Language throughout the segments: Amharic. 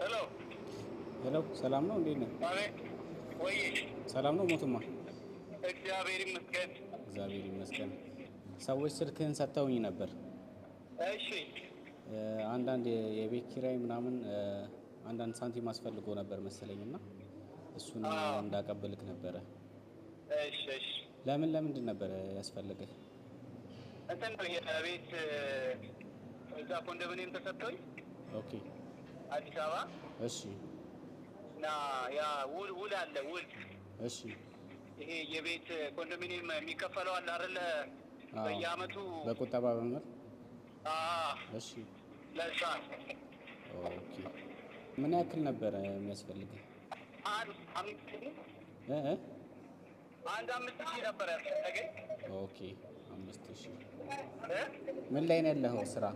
ሄሎ ሄሎ፣ ሰላም ነው? እንዴት ነህ? ሰላም ነው? ሞቱማ? እግዚአብሔር ይመስገን፣ እግዚአብሔር ይመስገን። ሰዎች ስልክህን ሰጥተውኝ ነበር። እሺ፣ አንዳንድ የቤት ኪራይ ምናምን አንዳንድ ሳንቲም አስፈልጎ ነበር መሰለኝ እና እሱን እንዳቀብልክ ነበረ። እሺ፣ እሺ። ለምን ለምንድን ነበረ ያስፈልግህ? እንትን ነው የቤት እዛ ኮንዶሚኒየም ተሰጥቶኝ። ኦኬ አዲስ አበባ። እሺ። እና ያ ውል ውል አለ ውል። እሺ። ይሄ የቤት ኮንዶሚኒየም የሚከፈለው አለ አይደለ? በየአመቱ በቁጠባ በመር እሺ። ለዛ ኦኬ። ምን ያክል ነበረ የሚያስፈልገው? አንድ አምስት ሺህ ነበር ያስፈለገኝ። ኦኬ አምስት ሺህ ምን ላይ ነው ያለኸው ስራ?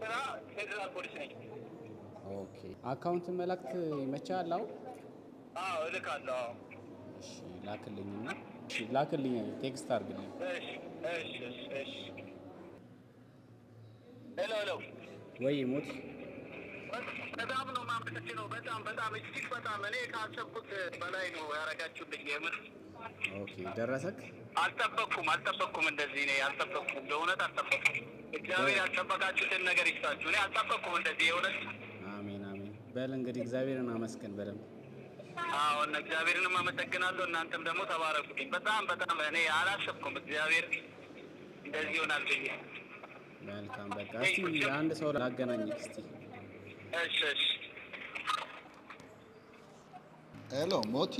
ስራ ፌዴራል ፖሊስ ነኝ። ኦኬ አካውንት መላክት ይመቻል? አዎ አዎ፣ እልካለሁ። እሺ ላክልኝ እሺ ላክልኝ፣ ቴክስት አድርግልኝ። እሺ እሺ እሺ። ሄሎ ሄሎ። ወይ ሙት በጣም ነው ነው። በጣም በጣም እጅግ በጣም እኔ ካሰብኩት በላይ ነው ያደረጋችሁልኝ። የምር ኦኬ። ደረሰክ? አልጠበቅኩም አልጠበቅኩም። እንደዚህ ነው አልጠበቅኩም፣ በእውነት አልጠበቅኩም። እግዚአብሔር ያልጠበቃችሁትን ነገር ይስጣችሁ። እኔ አልጠበቅኩም እንደዚህ የእውነት በል እንግዲህ እግዚአብሔርን አመስግን በደንብ። አሁን እግዚአብሔርን አመሰግናለሁ። እናንተም ደግሞ ተባረኩኝ። በጣም በጣም እኔ አላሰብኩም እግዚአብሔር እንደዚህ ይሆናል ብዬ። መልካም በቃ እስቲ አንድ ሰው ላገናኝ እስቲ። እሺ እሺ። ሄሎ ሞቲ፣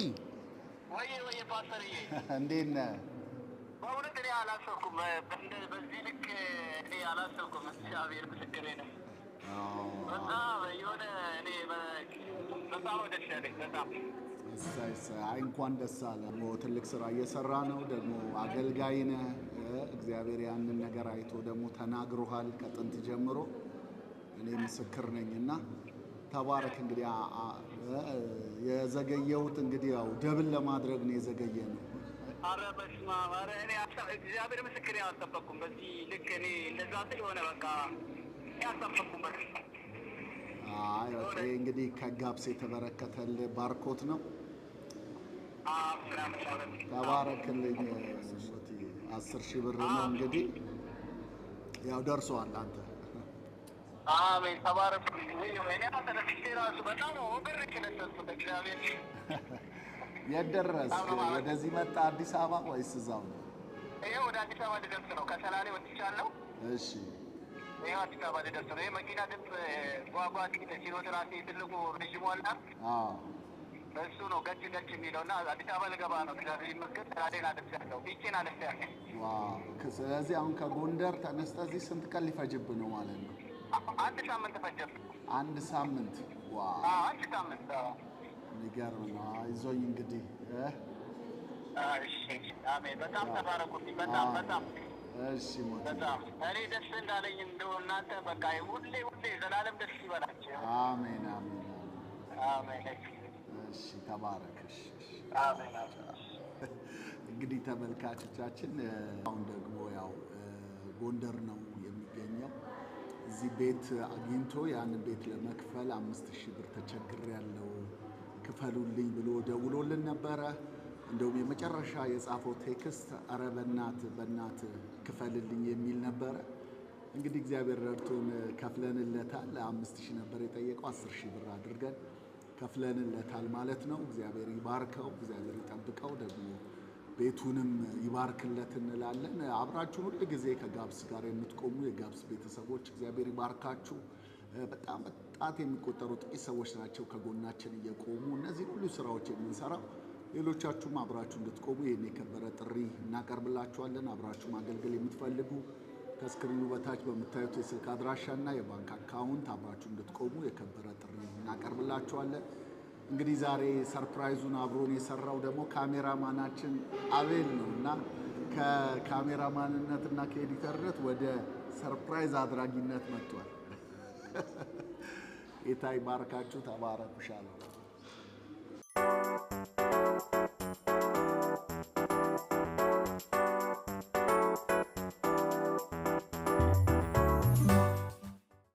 ወይ ወይ ፓስተርዬ፣ እንዴት ነህ? በእውነት እኔ አላሰብኩም በዚህ ልክ እኔ አላሰብኩም። እግዚአብሔር ምስክሬ ነው። እንኳን ደስ አለ። ትልቅ ስራ እየሰራ ነው። ደግሞ አገልጋይ ነህ። እግዚአብሔር ያንን ነገር አይቶ ደግሞ ተናግሮሃል ከጥንት ጀምሮ። እኔ ምስክር ነኝ እና ተባረክ። እንግዲህ የዘገየሁት እንግዲህ ያው ደብል ለማድረግ ነው የዘገየ ነው። አረ በስመ አብ! እግዚአብሔር ምስክር አልጠበቅኩም። በዚህ ልክ እኔ እንደዛ ስል የሆነ በቃ ያልጠበኩበት እንግዲህ ከጋብስ የተበረከተል ባርኮት ነው። ተባረክልኝ። አስር ሺህ ብር ነው እንግዲህ ያው ደርሷል። አንተ አሜን ተባረክ። የት ደረስክ? ወደዚህ መጣ አዲስ አበባ ወይስ እዛው ነው? ይሄ ወደ አዲስ አበባ ልደርስ ነው። ከሰላሌ ወጥቻለሁ። እሺ ይህ አዲስ አበባ ተደርሰ መኪና ድምፅ ጓጓ ሲሮጥ ራሴ ትልቁ ረዥሙ አለ እሱ ነው ገጭ ገጭ የሚለው እና አዲስ አበባ ልገባ ነው። ስለዚህ ምክር ተራዴን አደስ ያለው ይችን ስለዚህ አሁን ከጎንደር ተነስተ እዚህ ስንት ቀን ሊፈጅብ ነው ማለት ነው? አንድ ሳምንት ፈጀብ። አንድ ሳምንት አንድ ሳምንት ሚገርም ነው። አይዞኝ እንግዲህ። በጣም ተባረኩ። በጣም በጣም እኔ ደስ እንዳለኝ እንደው እናንተ በቃ ሁሌ ሁሌ ዘላለም ደስ ይበላችሁ። አሜን አሜን አሜን። እሺ ተባረክ። እንግዲህ ተመልካቾቻችን አሁን ደግሞ ያው ጎንደር ነው የሚገኘው። እዚህ ቤት አግኝቶ ያንን ቤት ለመክፈል አምስት ሺህ ብር ተቸግሬያለሁ ክፈሉልኝ ብሎ ደውሎልን ነበረ። እንደውም የመጨረሻ የጻፈው ቴክስት አረ በናት በናት ክፈልልኝ የሚል ነበረ። እንግዲህ እግዚአብሔር ረድቶን ከፍለንለታል። አምስት ሺህ ነበር የጠየቀው አስር ሺህ ብር አድርገን ከፍለንለታል ማለት ነው። እግዚአብሔር ይባርከው፣ እግዚአብሔር ይጠብቀው፣ ደግሞ ቤቱንም ይባርክለት እንላለን። አብራችሁን ሁል ጊዜ ከጋብስ ጋር የምትቆሙ የጋብስ ቤተሰቦች እግዚአብሔር ይባርካችሁ። በጣም በጣት የሚቆጠሩ ጥቂት ሰዎች ናቸው ከጎናችን እየቆሙ እነዚህ ሁሉ ስራዎች የምንሰራው ሌሎቻችሁም አብራችሁ እንድትቆሙ ይህን የከበረ ጥሪ እናቀርብላችኋለን። አብራችሁ ማገልገል የምትፈልጉ ከስክሪኑ በታች በምታዩት የስልክ አድራሻና የባንክ አካውንት አብራችሁ እንድትቆሙ የከበረ ጥሪ እናቀርብላችኋለን። እንግዲህ ዛሬ ሰርፕራይዙን አብሮን የሰራው ደግሞ ካሜራማናችን አቤል ነው እና ከካሜራማንነት እና ከኤዲተርነት ወደ ሰርፕራይዝ አድራጊነት መጥቷል። ጌታ ይባርካችሁ። ተባረኩሻለሁ።